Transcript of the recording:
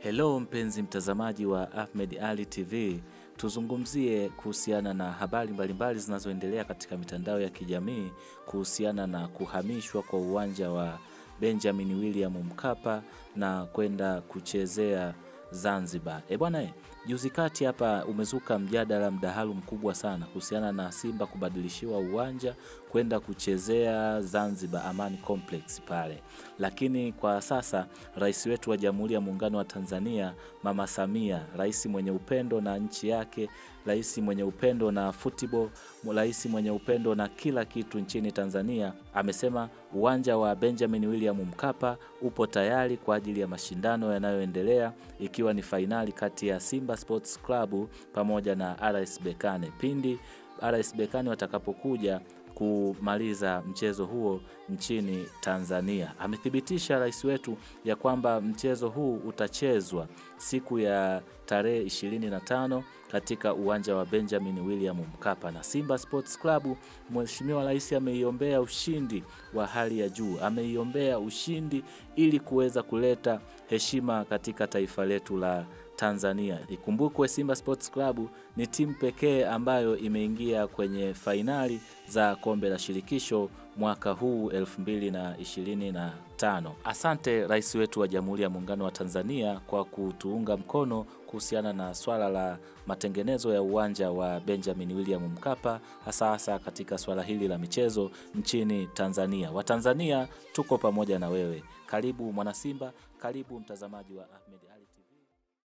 Hello mpenzi mtazamaji wa Ahmed Ali TV, tuzungumzie kuhusiana na habari mbalimbali zinazoendelea katika mitandao ya kijamii kuhusiana na kuhamishwa kwa uwanja wa Benjamin William Mkapa na kwenda kuchezea Zanzibar. Eh bwana, Juzi kati hapa umezuka mjadala mdahalo mkubwa sana kuhusiana na Simba kubadilishiwa uwanja kwenda kuchezea Zanzibar Amani Complex pale, lakini kwa sasa rais wetu wa Jamhuri ya Muungano wa Tanzania Mama Samia, rais mwenye upendo na nchi yake, rais mwenye upendo na football, rais mwenye upendo na kila kitu nchini Tanzania, amesema uwanja wa Benjamin William Mkapa upo tayari kwa ajili ya mashindano yanayoendelea ikiwa ni fainali kati ya Simba Sports Club pamoja na RS Berkane pindi RS Berkane watakapokuja kumaliza mchezo huo nchini Tanzania. Amethibitisha rais wetu ya kwamba mchezo huu utachezwa siku ya tarehe 25 katika uwanja wa Benjamin William Mkapa, na Simba Sports Club, Mheshimiwa Rais ameiombea ushindi wa hali ya juu, ameiombea ushindi ili kuweza kuleta heshima katika taifa letu la Tanzania. Ikumbukwe Simba Sports Club ni timu pekee ambayo imeingia kwenye fainali za kombe la shirikisho mwaka huu 2025. Asante Rais wetu wa Jamhuri ya Muungano wa Tanzania kwa kutuunga mkono kuhusiana na swala la matengenezo ya uwanja wa Benjamin William Mkapa, hasa hasa katika swala hili la michezo nchini Tanzania. Watanzania tuko pamoja na wewe. Karibu Mwanasimba, karibu mtazamaji wa Ahmed Ali TV.